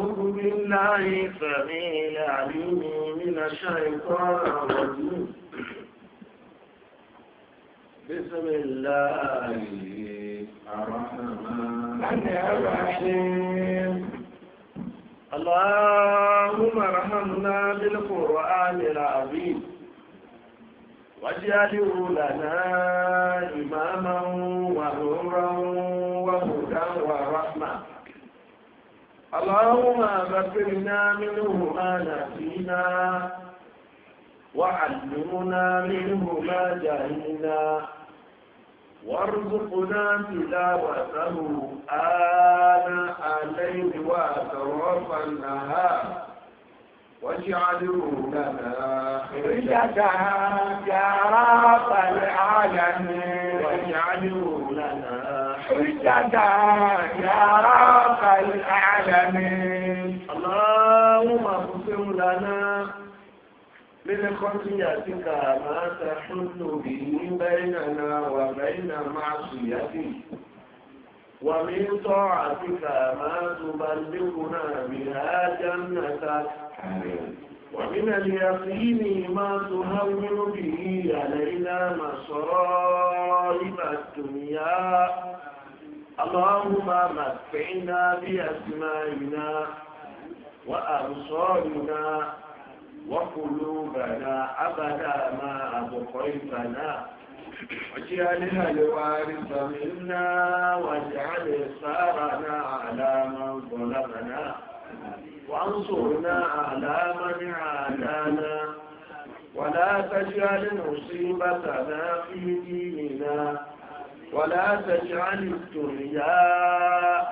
أعوذ بالله سميع العليم من الشيطان الرجيم بسم الله الرحمن الرحيم اللهم ارحمنا بالقرآن العظيم واجعله لنا إماما ونورا اللهم ذكرنا منه ما نسينا وعلمنا منه ما جهلنا وارزقنا تلاوته آناء الليل وأطراف النهار واجعله لنا حجة يا رب العالمين واجعله حجة يا رب العالمين اللهم اغفر لنا من خطيئتك ما تحل به بيننا وبين معصيتك ومن طاعتك ما تبلغنا بها جنتك ومن اليقين ما تهون به علينا مصائب الدنيا اللهم متعنا بأسمائنا وأبصارنا وقلوبنا أبدا ما أبقيتنا واجعلها الوارث منا واجعل إصارنا على من ظلمنا وانصرنا على من عادانا ولا تجعل مصيبتنا في ديننا ولا تجعل الدنيا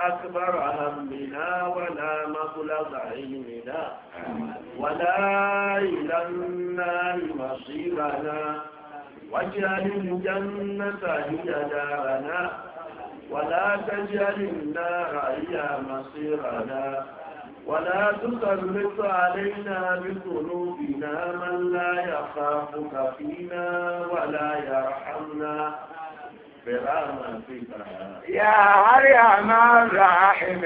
أكبر همنا ولا مبلغ علمنا ولا إلى النار مصيرنا واجعل الجنة هي دارنا ولا تجعل النار هي مصيرنا ولا تسلط علينا بذنوبنا من لا يخافك فينا ولا يرحمنا يا أرحم يا من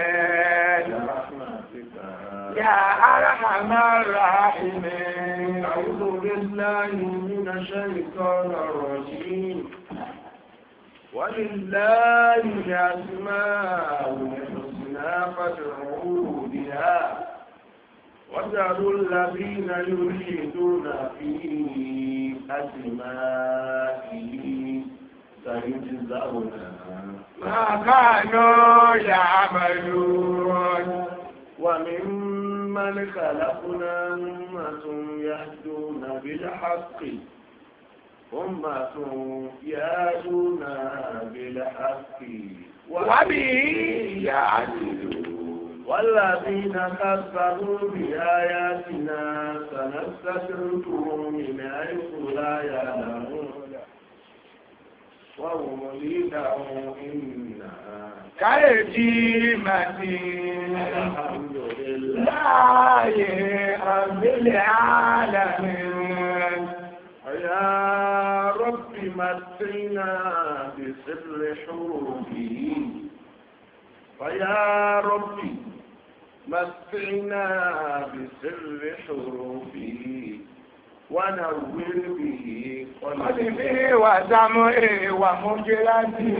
يا أرحم الراحمين أعوذ بالله من الشيطان الرجيم ولله الأسماء الحسنى فادعوه بها وذروا الذين يريدون في أسمائهم ما كانوا يعملون وممن خلقنا أمة يهدون بالحق أمة يهدون بالحق وبه يعدلون والذين كفروا بآياتنا سنستدركهم من حيث لا يعلمون وأولد إنها كالجيمة الحمد لله رب العالمين يا رب متنا بسر حروفه ويا رب متعنا بسر حروفه Wana wíìrì bìyì ọ̀nà. ọ̀dì bí wàdà mú èèwà mú gé láti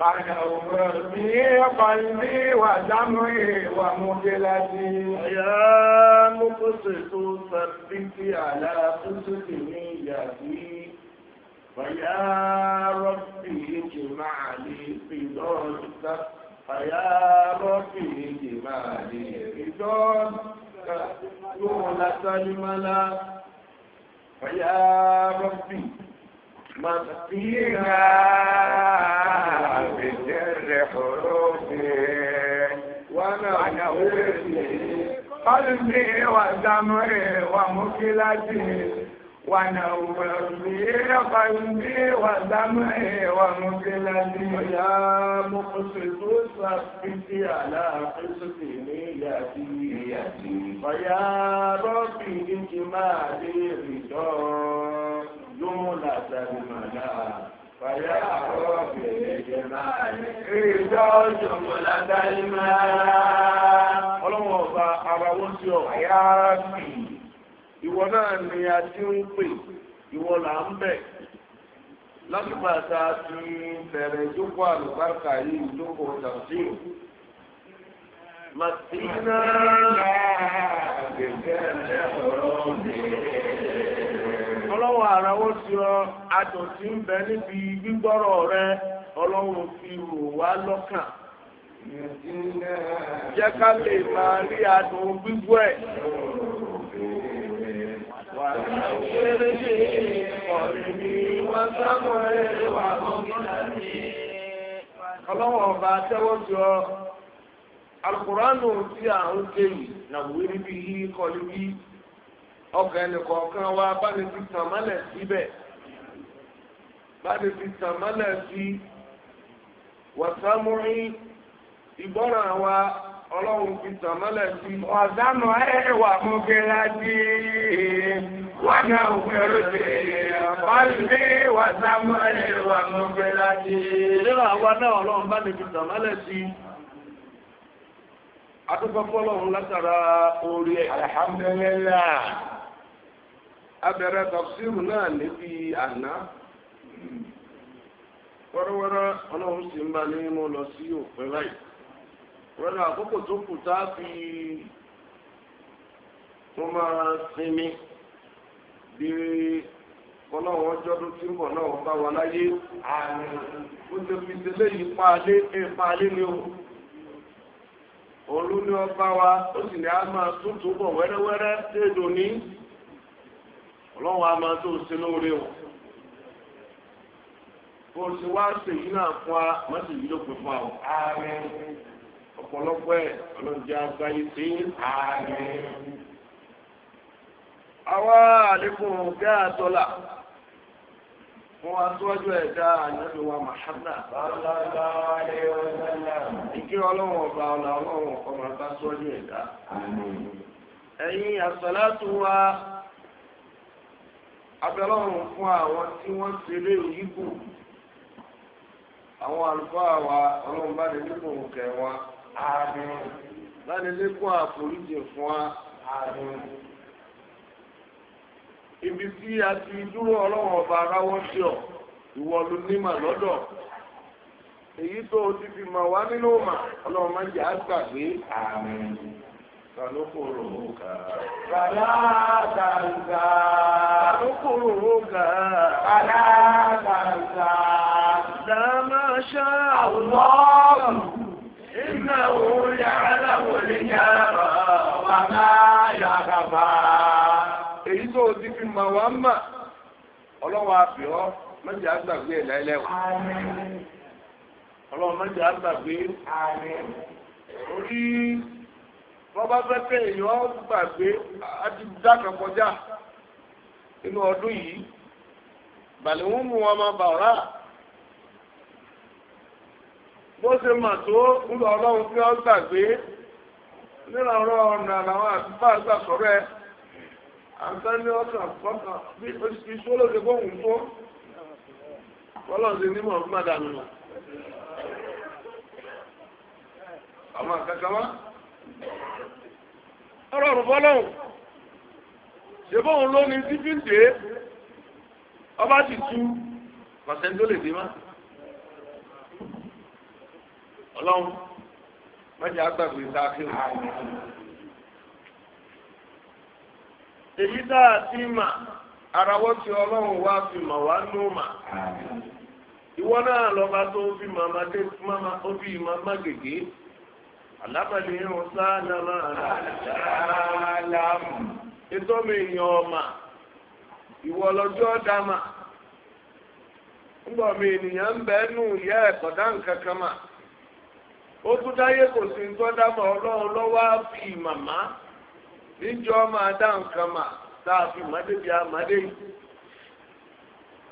bàdà òwúrọ̀ bí ọ̀pọ̀lì bí wàdà mú èèwà mú gé láti. ọ̀yà mú kó ṣètò sàbíkì àlà ti ní ìyàgbé. فيا ربي اجمع لي رضاك فيا ربي فيا ربي مسقينا بسر حروفي ونحوري قلبي ودمعي ومكلتي ونور لي قلبي ودمعي ومثلتي يا مقسط ثبت على قسط نيتي فيا ربي اجمالي رضا جملة المنام فيا ربي اجمالي رضا جملة المنام ọlọ́wọ́ ọba ara wọ́n sí ọ̀ yára bíi. ìwọ náà ni a ti ń pè ìwọ là ń bẹ̀ lásìkò àti àti bẹ̀rẹ̀ ìjókòó àlùbáríkà yìí ìjókòó tàbísírò. Màtíná gẹ̀gẹ́ ọ̀rọ̀ mi. Ọlọ́wọ́ ara ti ọ adùn tí ń bẹ níbi gbígbọ́rọ̀ rẹ ọlọ́run fi rò wá lọ́kàn. Jẹ́ ká lè ọlọ́wọ́ ọba tẹ́wọ́ jọ alukuraanu tí a ń ké yìí na wíri bí yí kọlu bí ọkàn ẹnìkọ̀ọ̀kan wa bá ní fi tàn mọ́lẹ̀ síbẹ̀ bá ní tàn mọ́lẹ̀ sí wàsámúrí ìgbọ́ràn wa. ọlọ́run fi tàmọ́lẹ̀ sí. ọ̀sánù ẹ̀wà mú gẹ́lá dí wọ́n náà wẹ̀rọ sí ọ̀lẹ́ ọ̀sánù ẹ̀wà mú gẹ́lá dí. nínú àwa náà ọlọ́run bá fi sí. adúgbò fọlọ́run látara orí ẹ̀. náà níbi àná. wọ́rọ́wọ́rọ́ ọlọ́run sì ń bá ní lọ sí òpin wọ́n àkókò tó kù tá a fi tó máa sinmi bí kọ́lọ́wọ́n jọ́dún tí ń bọ̀ náà bá wà láyé àmì ó ti fi tẹ́lẹ̀ yìí paalé ẹ̀ eh, paalé ni o òru ni ọba wa ó sì ní a máa tútù bọ̀ wẹ́rẹ́wẹ́rẹ́ téèdò ní ọlọ́wọ́n a máa tó sínú rẹ̀ o bó o ti wá sèyí náà fún wa má sì yí lópin fún wa o. ọ̀pọ̀lọpọ̀ ẹ̀ ọlọ́njẹ́ agbáyé sí ààrẹ. àlékún ọ̀gá àtọ́là fún aṣọ́jú ẹ̀dá àyẹ̀dùn wa màhánà. ìkí ọlọ́run ọba ọlọ́run ọmọ ọba aṣọ́jú ẹ̀dá. ẹ̀yin àṣàlátù wa abẹ́lọ́run fún àwọn tí wọ́n Awọn Àmín. Láti lékún àforíjì fún wa. Ibi tí a ti dúró ọlọ́wọ́n ọba aráwọ́ sí ọ, ìwọ ló nímà lọ́dọ̀. Èyí tó o ti fi mà wá nínú òmà, ọlọ́run máa ń jẹ́ àgbàgbé. Àmín. ga. Bàlá gbàgbà. Sanukoro ga. Bàlá gbàgbà. Dàmáṣá. Àwọn ọ̀gbìn. إنه يعلم الجهر وما èyí tó o ti fi mọ̀ wá mà ọlọ́wọ́ àbíọ́ mẹ́jọ àgbàgbé ẹ̀ lẹ́lẹ́wọ̀ ọlọ́wọ́ mẹ́jọ àgbàgbé orí bọ́bá fẹ́ pé èèyàn gbàgbé àti dákan kọjá inú ọdún yìí bàlẹ́ wọn mú wọn máa bà ọ́ rà bó ṣe mà tó ńlọ ọlọ́run tí wọ́n gbàgbé nínú ọ̀rọ̀ ọ̀nà làwọn àtúbà gbà sọ̀rọ̀ ẹ̀ àǹtá ní ọ̀sán àkọ́kàn bí iṣu olóde bóun tó ọlọ́run ti ní mọ̀ fún màdàmù nù. àwọn àkàkà wá ọ̀rọ̀ ọ̀rùn fọlọ́hùn ṣe bóun ló ní sífíǹdé ọba ti tú pàṣẹ tó lè dé má. ọlọ́run mẹ́jọ agbàgbé sáfì wà. èyí tá a ti mà arawọ́ tí ọlọ́run wá fi mà wá nù mà. ìwọ náà lọ́ba tó fi màmá dé màmá ó fi màmá gègé. alábàlì máa rà dáadáa. ètò mi yàn ìwọ lọ́jọ́ dá mà. ń ó tún dáyé kò sí ń tọ́ dámọ̀ ọlọ́run lọ́wọ́ á fi màmá níjọ́ máa dá nǹkan mà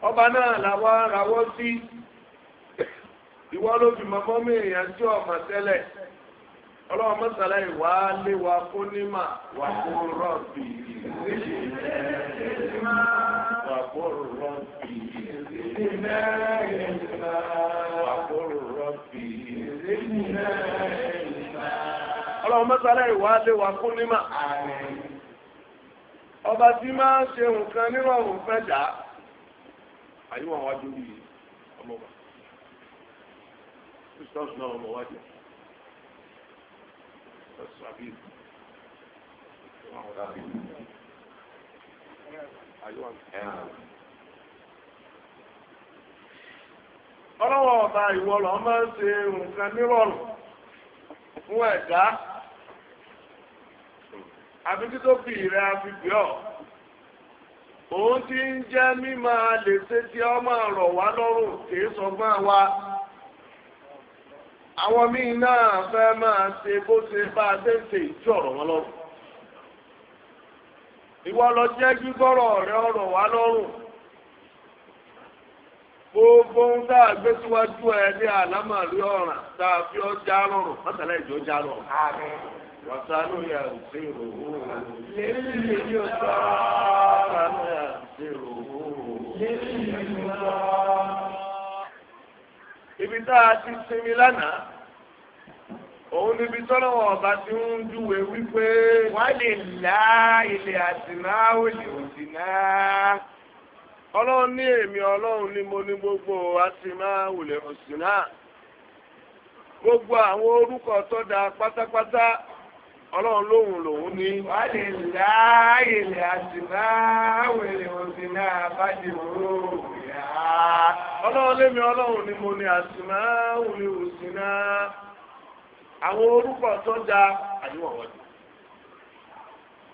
ọba náà làwọn arawọ́ sí ìwọ ló fi mi èèyàn tí ọmọ tẹ́lẹ̀ ọlọ́run mọ́sálá ìwà lé wa ọlọ́run mẹ́sàlá ìwà lè wà fún nímà ọba tí máa ń ṣe nǹkan nírọ̀rùn fẹ́ dà á àyíwọ̀n wájú yìí ọmọba Christos náà ọmọ wájú ọ̀sùn àbí àyíwọ̀n. ọlọ́wọ́ ọba ìwọ lọ ń ṣe nǹkan nírọ̀rùn fún ẹ̀dá àfi kí fi ìrẹ́ ọ̀ òun ti ń jẹ́ mímọ lè ṣe tí ọ máa rọ̀ wá lọ́rùn kì sọ sọgbọ́n wa àwọn míì náà fẹ́ máa ṣe bó ṣe bá a ṣe gbogbo ń tá a gbé síwájú ẹ ní àlámàlú ọ̀ràn tá a fi ọjà rọrùn mọ́tàlá ìjọ já lọ. wàsánù yà ń ṣe òwò. lẹ́yìn ìlú ọ̀sán. wàsánù yà ń ṣe òwò. lẹ́yìn ibi tá a ti sinmi lánàá òun ọba tí ń júwe wípé. wọ́n lè la ilẹ̀ àtìmáwò lè òsì náà. ọlọ́run ní èmi ọlọ́run ni mo ní gbogbo asimaul husna gbogbo àwọn orúkọ tó da pátápátá ọlọ́run lóhùn lòun ní. wàlẹ̀ láàyè lè asimaul husna bájì wúrò yá. ọlọ́run lémi ọlọ́run ni mo ní asimaul husna àwọn orúkọ tó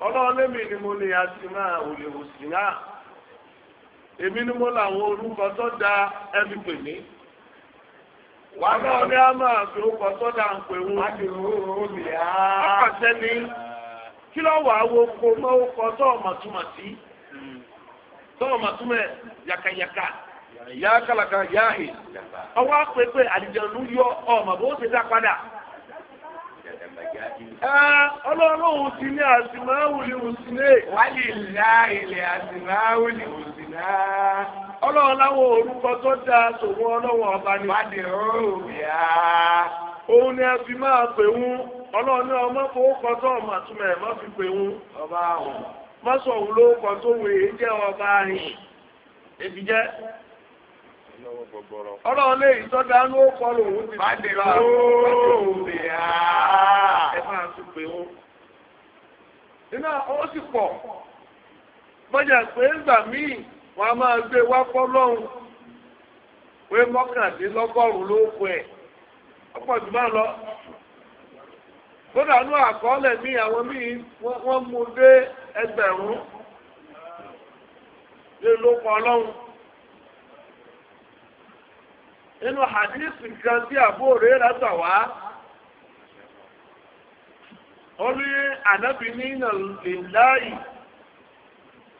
ọlọ́run lémi ní mo ní asimaul husna. èmi ni mo orúkọ da ẹbí pè mí. wàá ní a da ń pè wọn. ni kí ló wà á wo ko mọ́ orúkọ tó ọmọ túmọ̀ sí. tó ọmọ túmọ̀ yàkàyàkà ọwọ́ àpèpè padà ọlọ́run ní àsìmáwùlì ọlọ́run láwọn orúkọ tó dáa ọlọ́run ọba ni. wádìí ọ̀rọ̀ òun ni a fi máa pè wọ́n ọlọ́run ní ọmọ tó ọmọ fi pè wọ́n. ọba àwọn. má sọ òun lórúkọ tó jẹ́ ọba rìn. èbí jẹ́ ọlọ́run lè ló kọ́ fi ẹ máa iná ó sì pọ̀ wọ́n á máa gbé wá fọ́lọ́hún pé mọ́kàndínlọ́gọ́rùn-ún ló kọ ẹ̀ ọ̀pọ̀ jù máa lọ. àkọọ́lẹ̀ àwọn míì wọ́n mú dé ẹgbẹ̀rún lé ló kọ ọlọ́run. nínú hadisi kan tí àbúrò rẹ̀ wá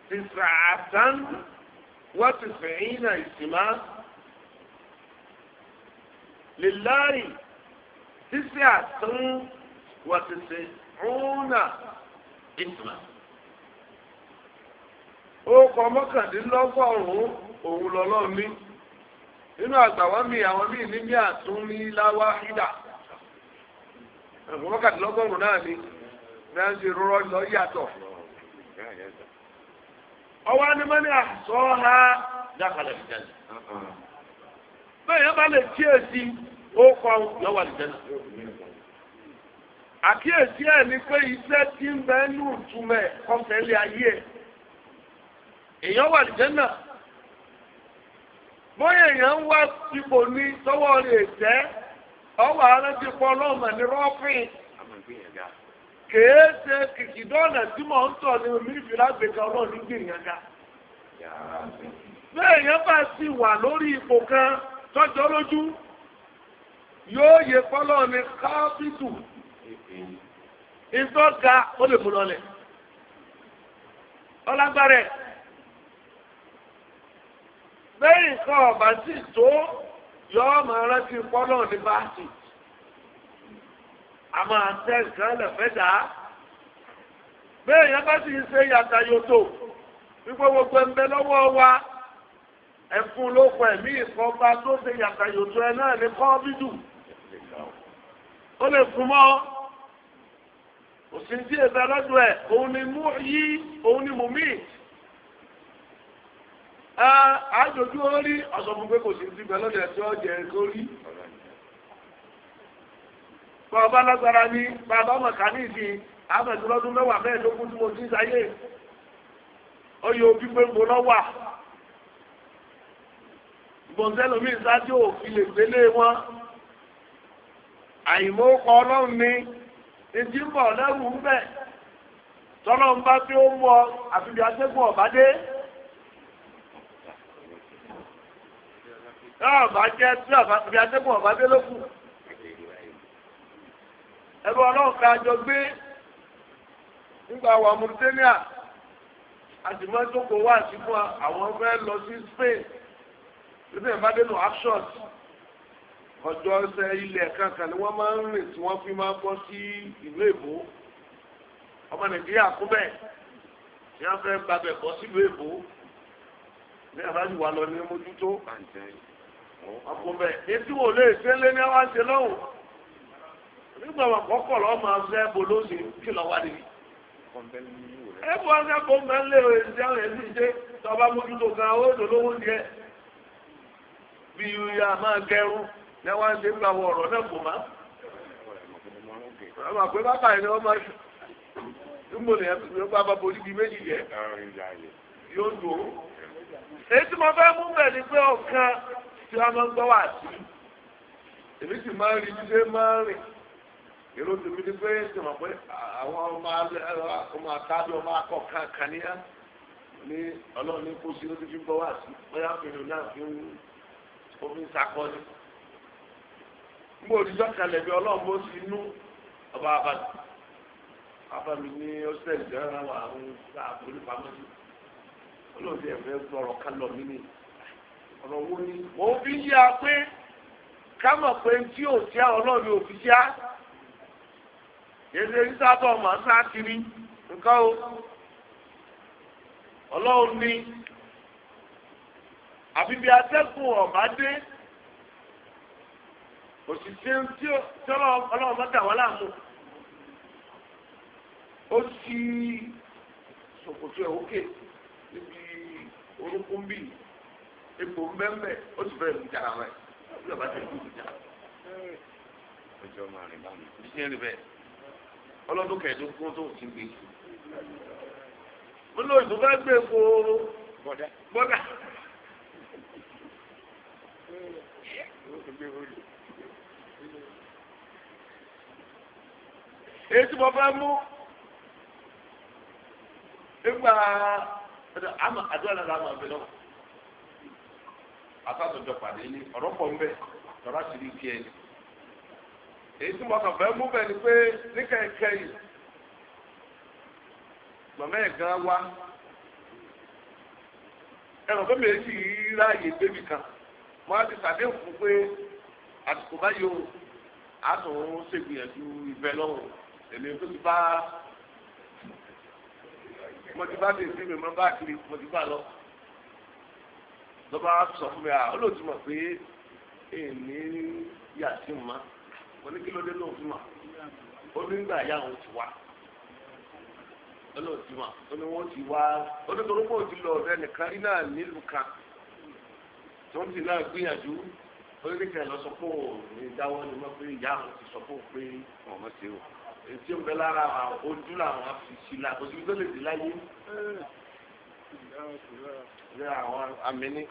tìsàtàn. وتسعين اجتماع لله تسعة وتسعون اجتماع orúkọ mọ́kàndínlọ́gọ́rùn-ún òun lọ́lọ́run ní nínú àgbàwá mi àwọn míì ní bí àtúnrí láwá hídà orúkọ mọ́kàndínlọ́gọ́rùn náà ni bí wọ́n ti rọrọ́ lọ yàtọ̀. ọwọ́ anímọ́ni asọ ha na ìjẹun bẹ́ẹ̀ yẹn bá lè tí èsì ó kọ́ yọ̀wà àkíyèsí ẹ̀ ni pé iṣẹ́ tí ń bẹ nù túmẹ̀ kọ́fẹ́ ayé èèyàn wà bóyá èèyàn wá ipò ní kèé ṣe kìkìdọ́ọ̀nà tí mò ń tọ̀ ní mílíọ̀nù lágbèéká ọlọ́ọ̀ni gbìyànjú ga. bẹ́ẹ̀ yẹn bá sì wà lórí ipò kan tọ́jọ́ lójú yóò yẹ kọ́lọ́ ní káfíńtù ìtọ́ga ó lè mú lọlẹ̀ ọlágbára bẹ́ẹ̀ nǹkan ọ̀bà sì tó yọ ọ́ máa rántí kọ́lọ́ ní báàsì àmọ́ àṣẹ nǹkan lẹ̀fẹ́ dà á. bẹ́ẹ̀ yẹn bá sì ń ṣe yàtà yòtò wípé gbogbo ń bẹ lọ́wọ́ wa ẹ̀fun ló pọ̀ ẹ̀mí ìkọba tó ṣe yàtà yòtò ẹ náà lè kọ́ bídù. ó lè fún mọ́ òsì tí èbẹ lọ́dọ̀ ẹ̀ òun ni mú yí òun ni mú mí. àjòjú orí ọ̀sọ̀ fún pé kò sí ti bẹ lọ́dọ̀ tí ó bọ́ọ̀bá lágbára ní bàbá ọmọ kàníìsì àbẹ̀tọ́lọ́dún mẹ́wàá mẹ́ẹ̀ẹ́dógún tí mo ti sáyé oyè òbí pé mo lọ wà bọ̀ǹsẹ́lómi ìsájú òfin lè gbélé wọn àyìnbó kọ ọlọ́run ní etí ń bọ̀ lẹ́rù ń bẹ̀ tọ́lọ́ ń bá tí ó mú ọ àfihàn atẹ́gùn ọ̀bádé. ọ̀bá jẹ́ tí àfihàn atẹ́gùn ọ̀bádé ló ẹ̀rọ ọlọ́run ká jọ gbé nígbà wà Mauritania àtìmọ́tòkò wà sí fún àwọn fẹ́ lọ sí Spain nígbà ìbádẹ́nu actions ọjọ́ ẹsẹ̀ ilẹ̀ kankan ni wọ́n máa ń rìn tí wọ́n fi máa bọ́ sí ìlú èbó ọmọ Nàìjíríà kú bẹ́ẹ̀ tí wọ́n fẹ́ gbàgbẹ́ bọ́ sí ìlú èbó ní àbájú wa lọ ní mójútó àǹtẹ̀ ọkùnrin bẹ́ẹ̀ etí wo lè ṣe lé ní àwọn àṣẹ lọ́wọ́ nígbà wà kọ́kọ́ lọ́wọ́ máa fẹ́ bo lóṣù kí lọ́ wá níbi. ẹ bọ́ ẹ bọ́ máa ń lé o èsì àwọn èsì ṣe tọba mójútó kan ó dò lówó díẹ̀ bí ya máa gẹrun lẹ́wọ́n ṣe ń gba àwọn ọ̀rọ̀ náà kò má. àwọn àpè bàbá yẹn ni wọ́n máa ṣe nígbò ní ẹgbẹ́ bàbá bo níbi méjì yẹ yóò dùn ó. èyí tí mo fẹ́ mú bẹ̀ ni pé ọ̀kan tí wọ́n máa ń gbọ́ wà sí èmi sì máa ń rí ibi tí máa ń rìn èrò tèmi ni pé tèmọ̀ pé àwọn ọmọ àtàbí ọmọ akọ kankan ní á ní ọlọ́run ní kó sí ló ti fi gbọ́ wá sí bóyá fèrè náà fi ń omi sakọ́ni. nígbà òdìjọ́ kalẹ̀ bí ọlọ́run bó ti nú ọba abàlù abàlù ní ọ́sẹ̀lì dára wà ń gba àforífamọ́sí olóòtú ẹ̀fẹ́ sọ̀rọ̀ kálọ̀ mí ni ọ̀rọ̀ wo ni. mo fi yá pé ká mọ̀ pé tí ò sí ọlọ́run ò fi yá yéèdè sísátọ̀ ọmọ sáàkiri nǹkan o ọlọ́run ní àbíbi atẹ́kùn ọ̀bá dé òṣìṣẹ́ tí ọlọ́run bá dà wọ́n láàmú ó sì ṣòkòtò ẹ̀ òkè níbi orúnkún bíi epo mbẹ́mbẹ́ ó sì fẹ́ẹ́ mú jàrá rẹ̀ ó sì bàbá tẹ̀ kú ìjà. ọjọ́ máa rìn báyìí. ìṣe rìn bẹ́ẹ̀. ọlọ́dún kẹẹ̀ẹ́dógún tó ti gbé wọn lóyún tó gbé kóró bọ́dà èyí tí mo bá mú nígbà àdúrà náà làwọn àbẹ náà àtàtúndọ̀ pàdé ní ọ̀rọ̀ pọ̀ ń bẹ̀ tọ́lá sí ní kí ẹni. èyí tí mo kàn fẹ́ mú bẹ́ẹ̀ ni pé ní kẹ̀kẹ́ yìí màmá ẹ̀ gan wá ẹ̀rọ pé méjì yìí ráàyè débì kan mo á ti sàdéhùn fún pé àsìkò báyìí o àtún ṣègbìyànjú ìfẹ́ lọ́wọ́ èmi tó ti bá mo ti bá ti sí mi mo bá kiri mo ti bá lọ lọ́ba sọ fún mi à ó lòdì mọ̀ pé èmi yà sí mi máa oníkìlódé ló ń fún wa onígbà ya òun ti wá olóòtú wa oníwọ́n ti wá onítorókò ti lọ ọ̀dọ̀ ẹnìkan rí náà nílùú kan tó ń ti náà gbìyànjú oníkìlódé lọ sọ pé òun ní dáwọ́ ni wọ́n pé ìyá òun ti sọ pé òun pé ọmọ ṣe o ètí òun bẹ lára ojú làwọn fi sí la kò sí tó lè dé láyé ní àwọn amíní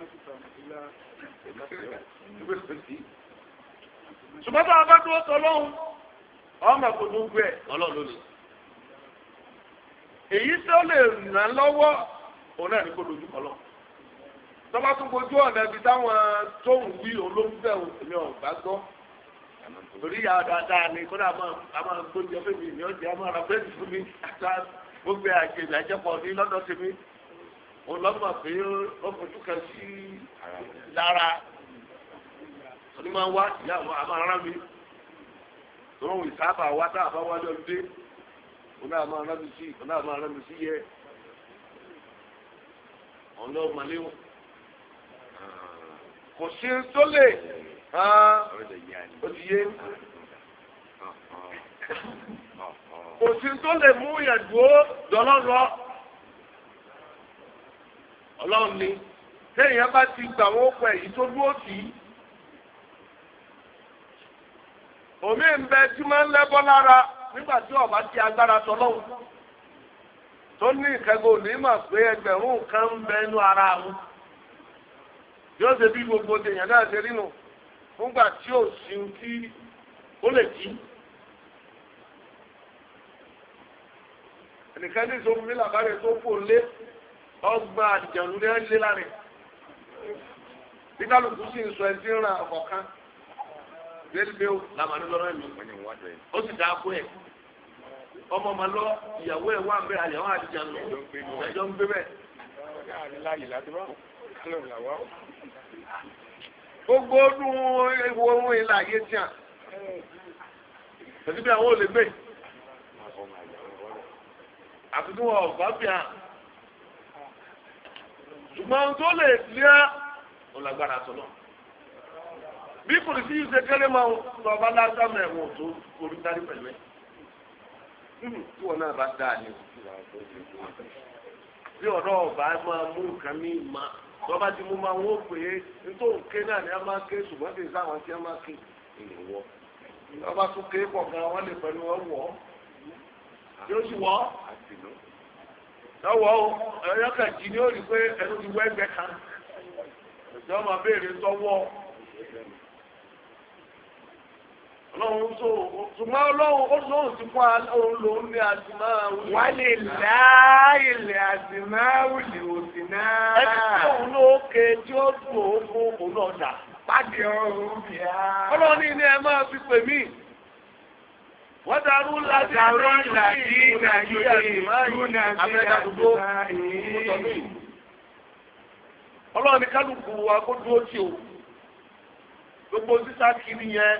ṣùgbọ́n tó a bá dúró sọ lọ́hùn ọmọ kò ní gbẹ ọlọ́run ló ní. èyí tó lè ràn lọ́wọ́ òun náà ní kó dojú kọ lọ. tọ́ba tún gbojú ọ̀nà ibi táwọn tóun wí olóńgbẹ̀ òmìnira ọ̀gbá gbọ́. torí ìyá dáadáa ni kódà a máa gbójú ọ̀fẹ́ mi ìyọ́ jẹ́ a máa ra bẹ́ẹ̀dì fún mi àti gbogbo àjèjì àjẹpọ̀ ní lọ́dọ̀ sí mi. òun lọ́mọ pé ó fojú kan sí lára òní máa ń wá ìyá àwọn àmọ́ ara mi tọ́wọ́n wò ìsáàbà wá tá àbá wá lọ́ọ́ dé òní àmọ́ mi sí òní àmọ́ mi sí yẹ ọlọ́ọ̀ màlẹ́wọ̀n kò sí tó lè ó ti yé kò sí tó lè mú yẹn dúró dọ́lọ́rọ́ ọlọ́run ni téèyàn bá ti gbà wọ́n pẹ̀ yìí tó dúró tì í. omi ń t'i tí máa ń lẹ́bọ́ lára nígbà tí ọba ti agbára tọ́lọ́hùn tó ní ìkẹ́gùn òní mà pé ẹgbẹ̀rún kan ń bẹ inú ara àwọn yóò ṣe bí gbogbo èèyàn náà ṣe rí nù fúngbà tí ò sí kí ó lè jí. ẹnìkan ní ìṣòro mi làbárẹ̀ tó kò lé ọgbà àjẹ̀lú lé lára bí kálukú sì ń gbẹdẹgbẹwò làwọn anilọrọ ẹmí ó sì dáa kó ẹ ọmọ ọmọ lọ ìyàwó ẹ wà bẹ àyàwó àdìjà lọ ìdájọ ń gbé bẹ. gbogbo ọdún ewu ohun ìlà ayé tí a tẹ̀síbí àwọn olè gbé àti tí wọn ọ̀gbá bí a ṣùgbọ́n tó lè lé ọ̀làgbára sọ̀rọ̀. bí kùrìsì yìí ṣe kéré máa ń lọ bá lásán ẹ̀wọ̀n tó olùdarí pẹ̀lú ẹ̀ hmm, tí wọn náà bá dáa ni bí ọ̀rọ̀ ọ̀bá máa mú nǹkan mí ma lọ́ba tí mo máa nítorí náà ni a máa ké ṣùgbọ́n kì í sáwọn tí a máa ké ìwọ lọ́ba tún ké pọ̀ gan lè pẹ̀lú ẹ wọ́ yóò sì wọ́ lọ́wọ́ ẹ̀yọ́ kan ó rí i pé ẹnu ti Ọlọ́run tó ṣùgbọ́n ọlọ́run ó lóun ti fún ọlọ́run lòun ní àdìmáwù. Wà lè lá ilẹ̀ àdìmáwù lè òsì náà. Ẹni tí òun ké tí ó dùn òun fún òun náà dà. Pàdé ọrùn bí fi pè mí. Wọ́n darú láti ọ̀rọ̀ Nàìjíríà Nàìjíríà Ọlọ́run ní kálukú wa kó dúró o. Gbogbo sísá kiri yẹn.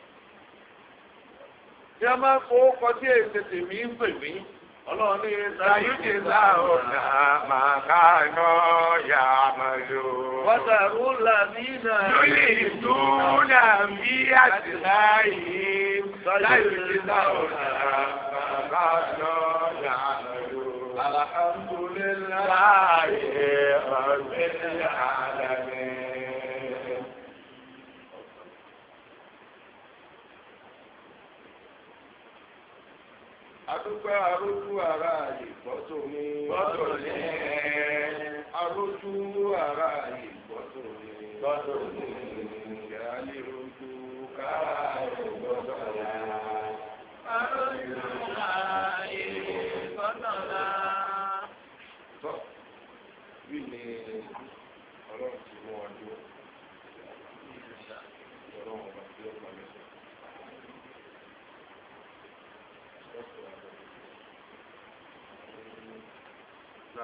tí a máa fowó kọ sí èsè tèmi ń pè mí ọlọ́run ní ìrẹsà yóò láàrúnà máa káàánú yà máa lò. wọ́tàrú làmì náà. lórí ìdúnà mi àti láàyè láyò ti láàrúnà máa káàánú yà máa lò. alhamdulilayi rabbil alamin. adúpẹ́ arójú ara ìgbọ́tò mi. gbọ́tò mi. arójú ara ìgbọ́tò mi. gbọ́tò mi. ìyá lè rojú káàárọ̀.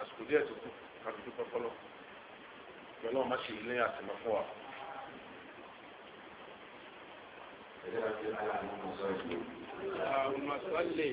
àsìkò díẹ̀ tó kù kàdúdú pọ́pọ́lọ́ pẹ̀lú ọmọ ṣe ilé àtìmọ́ fún wa. اللهم صل